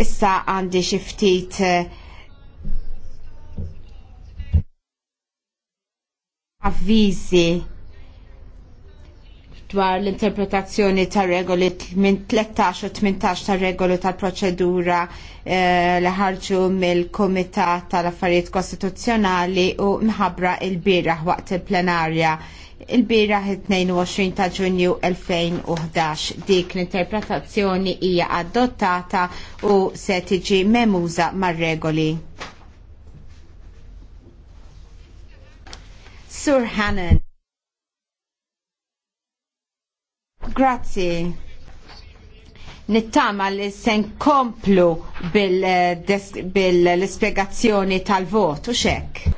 Issa għandi xi ftit eh, avviżi dwar l-interpretazzjoni ta' regoli minn 13 u 18 ta' regoli tal proċedura eh, li ħarġu mill-Komitat tal-Affarijiet Kostituzzjonali u mħabra il bieraħ waqt il-plenarja il-biraħ 22 ta' ġunju 2011 dik l-interpretazzjoni hija adottata u se tiġi memuża mar-regoli. Sur Hannan. Grazzi. Nittama li sen komplu bil-spiegazzjoni bil spiegazzjoni tal vot u xek.